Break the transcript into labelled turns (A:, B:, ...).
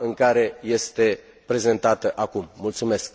A: în care este prezentată acum. mulumesc.